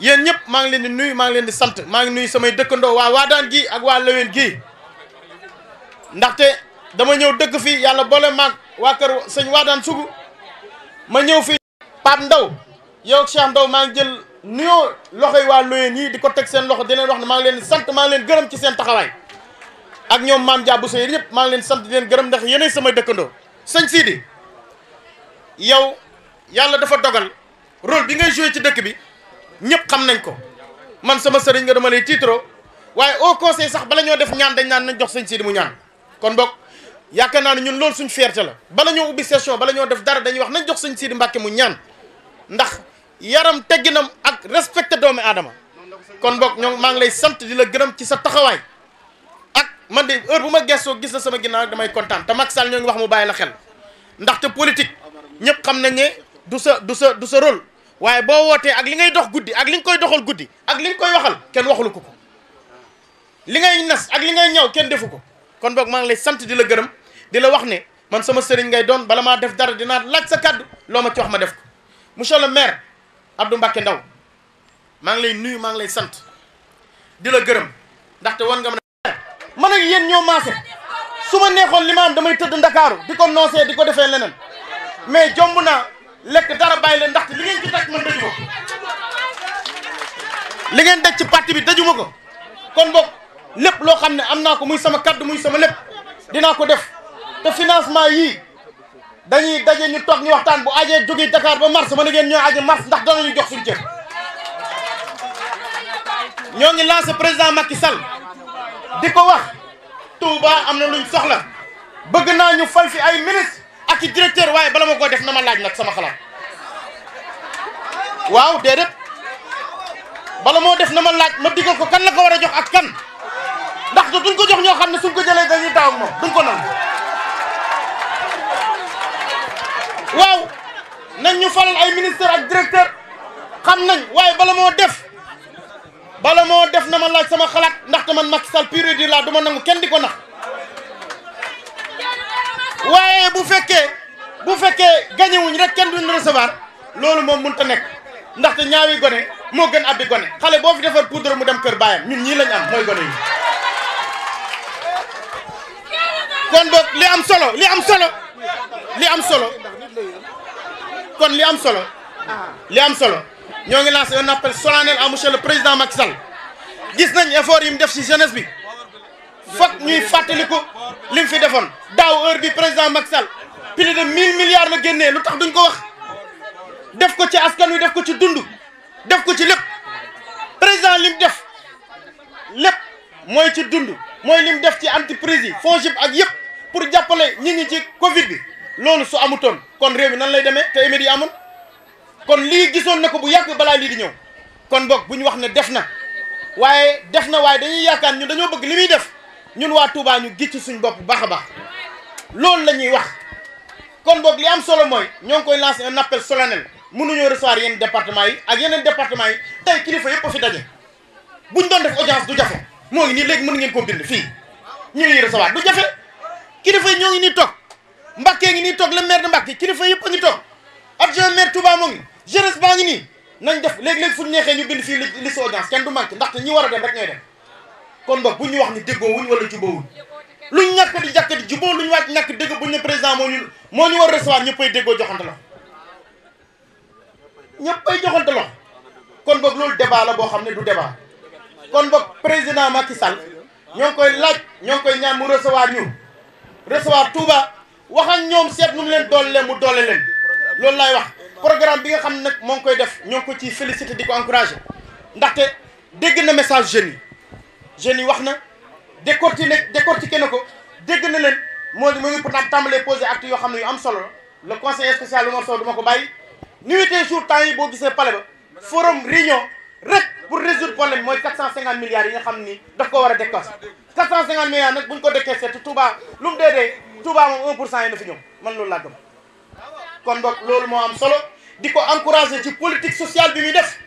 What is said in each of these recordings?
Yen ñep ma ngi leen di nuyu nui ngi leen di sante ma ngi nuyu samay dëkkandoo wa Waadaan gi ak wa lewen gi ndaxte dama ñëw dëkk fii yàlla boole wa waa kër sugu ma ñew fi pap Ndaw yow ak Cheikh Ndaw ma ngi jël nuyoo loxey wa lewen yi di tek seen loxo di leen wax ne maa ngi leen di sante ma ngi leen gëreem ci seen taxaway ak ñom mam jabu sey ñep ma ngi leen sante di leen gëreem ndax yene samay dëkkandoo señ Sidi yow yalla dafa dogal. rôle bi ngay joué ci dëkk bi ñëpp xam nañ ko man sama sëriñ nga dama lay tiitro waaye au conseil sax bala ñoo def ñaan dañ naan nañ jox sëñ Sidi mu ñaan kon boog yaakaar naa ne ñun loolu suñ fierté la bala ñoo ubbi session bala ñoo def dara dañuy wax nañ jox sëñ Sidi Mbàkke mu ñaan ndax yaram tegginam ak respecté doomi aadama kon book ñoo maa ngi lay sant di la gërëm ci sa taxawaay ak man de heure bu ma gestoo gis la sama ginnaaw damay kontaan te Macky Sall ñoo wax mu bàyyi la xel ndaxte politique ñëpp xam nañ ne du sa du sa du sa waye bo wootee ak li ngay dox goudi ak li nga koy doxal goudi ak li nga koy waxal ken waxul ko ko li ngay nas ak li ngay ñaw ken defuko kon bok ma ngi lay sante di gëreum dila di wax ne man sama sëriñ ngay doon bala ma def dara dina laj sa kàddu loma ci wax ma def ko monsieur le maire Abdou mbacke Ndaw ma ngi lay nuyu ma ngi lay sant di gëreum ndax te won nga man ak yeen ñoo massé suma neexon limam damay teud dakaru di nosé diko di lenen mais jombuna lekk dara bàyyi leen ndaxte li ngeen ci daj man daju ma ko li ngeen daj ci parti bi daju ma ko kon boog lépp loo xam ne am naa ko muy sama kaddu muy sama lépp dinaa ko def te financement yii dañuy daje ñu toog ñu waxtaan bu ajee jógee Dakar ba mars ma ne ngeen ñooy aje mars ndax danañu jox suñu cër ñoo ngi lancé président Macky Sall di ko wax Touba am na luñ soxla bëgg naa ñu fal fi ay ministre naa ci directeur waaye bala ma def na laaj nag sama xalaat waaw déedéet moo def na ma laaj ma digal ko kan la ko war a jox ak kan ndax du duñ ko jox ñoo xam ne suñ ko jëlee dañuy daaw moom duñ ko nangu waaw nañ ñu falal ay ministère ak directeur xam nañ waaye bala moo def bala moo def na ma laaj sama xalaat ndaxte man Macky Sall pur et dur laa du nangu kenn di ko nax waaye bu fekkee bu fekkee gañewuñ rek kenn duñ recevoir loolu moom mënut a nekk ndaxte ñaawi gone moo gën abbi gone xale boo fi defar poudre mu dem kër baayam ñun ñii lañ am mooy gone yi. kon boog li am solo li am solo li am solo kon li am solo li am solo ñoo ngi lancé un appel solennel à monsieur le président Macky Sall gis nañ effort yi mu def si jeunesse bi foog ñuy fàttaliku. li fi defoon daaw heure bi président Macky Sall plus de 1000 na génnee lu tax duñ ko wax def ko ci askan wi def ko ci dund def ko ci lépp président li mu def lépp mooy ci dund mooy li mu def ci entreprise yi FONGIP ak yëpp pour jàppale ñi ngi ci Covid bi loolu su amutoon kon réew mi nan lay demee te émédi amoon kon lii gisoon ne ko bu yàgg balaa lii di ñëw kon boog bu ñu wax ne def na waaye def na waaye dañuy yaakaar ñu dañoo bëgg li muy def. ñun waa Touba ñu gicc suñ bopp baax a baax loolu la ñuy wax kon boog li am solo mooy ñoo ngi koy lancer un appel solennel mënuñoo recevoir yenn département yi ak yeneen département yi tey kilifa yëpp a fi daje bu buñ doon def audience du jafe moo ngi nii léegi mën ngeen ko bind fii ñu ngi recevoir du jafe kilifa yi ñoo ngi nii toog Mbacké ngi nii toog le maire de Mbacké kilifa yëpp a ngi toog adjoint maire Touba moo ngi jeunesse baa ngi nii nañ def léegi-léegi fu ñu ñu bind fii liste audience kenn du manqué ndaxte a dem rek ñooy dem kon boog bu ñu wax ni déggoo wuñ wala jubóowuñ luñ ñàkk di jàkk di ñu luñ wàcc ñàkk dégg buñ ne président moo ñu moo ñu war recevoir ñëppay déggoo joxante loxo ñëppay joxante loxo kon boog loolu débat la boo xam ne du débat kon boog président Macky Sall ñoo ngi koy laaj ñoo ngi koy ñaan mu recevoir ñu recevoir Touba wax ak ñoom seet nu mu leen doole mu doole leen loolu laay wax programme bi nga xam ne nag moo ngi koy def ñoo ngi ko ciy félicité di ko encouragé ndaxte dégg na message jeunes yi je yi wax na décortiqué décortiqué na dégg na len moo di mu ngi pourtant tàmbalee posé acte yo xamné yu am solo le conseil spécial Oumar Sow du ma ko bàyyi nuit et jour temps yi bo gisee palé ba forum réunion rek pour résoudre problème moy 450 milliards yi nga xamni daf ko wara a 450 milliards nak buñ ko décaissé te Touba lu mu Touba moom 1 pour yi na fi ñom man loolu laa gëm kon donc loolu mo am solo diko encourager ci politique sociale bi muy def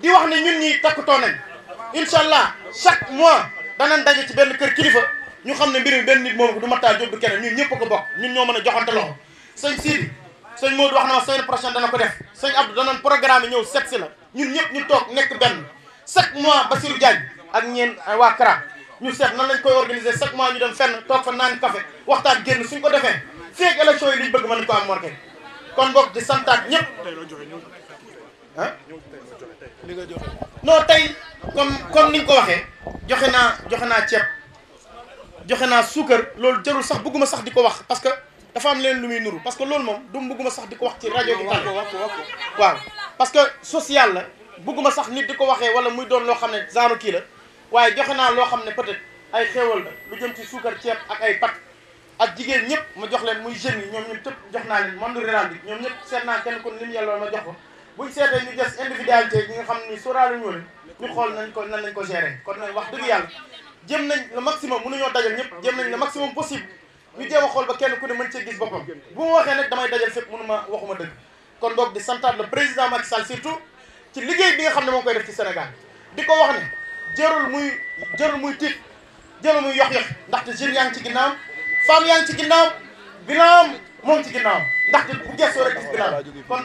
di wax ne ñun ñi takuto nañ Inshallah, chaque mois danañ dajé ci benn kër kilifa ñu xamné nous mbir nit nous du nous ñun ñëpp ko bokk ñun ñoo mëna a joxante loxo nous Sidi Modou wax na dana def Abdou programme ñëw set nous la ñun ñëpp ñu tok nek benn chaque mois Basirou Diagne ak ñeen wa CRA ñu seet nan lañ koy organiser chaque mois ñu dem fenn nous fa nan café waxtaan nous suñ ko nous yi liñ bëgg ko am marqué kon di ah li nga joxe non tey comme comme ni nga ko waxee joxe naa joxe naa ceeb joxe naa suukar loolu jarul sax bëgguma sax di ko wax parce que dafa leen lu muy nuru parce que loolu moom du bëgguma sax di ko wax ci rajo bi tànn waaw parce que social la bëgguma sax nit di ko waxee wala muy doon loo xam ne genre kii la waaye joxe naa loo xam ne peut-être ay xéewal la lu jëm ci suukar ceeb ak ay pat ak jigéen ñëpp ma jox leen muy jeunes yi ñoom ñëpp jox naa leen monde rural bi ñoom ñëpp seet naa kenn kon li mu yelloo ma jox ko buñ seetee ñu des individualité ñi nga xam ni sóoraalu ñoon ñu xool nañ ko nan lañ ko gérer kon nag wax dëgg yàlla jëm nañ le maximum mënuñoo dajal ñëpp jëm nañ le maximum possible ñu jéem xool ba kenn ku ne mën cee gis boppam bu ma waxee nag damay dajal fépp mënuma waxuma dëgg kon boog di santaat président Macky Sall surtout ci liggéey bi nga xam ne moom koy def ci Sénégal di ko wax ne jërul muy jërul muy tiit jërul muy yox yox ndaxte jeunes yaa ngi ci ginnaaw femme yaa ngi ci ginnaaw binaam moom ci ginnaaw ndaxte bu gëstoo rek gis binaam kon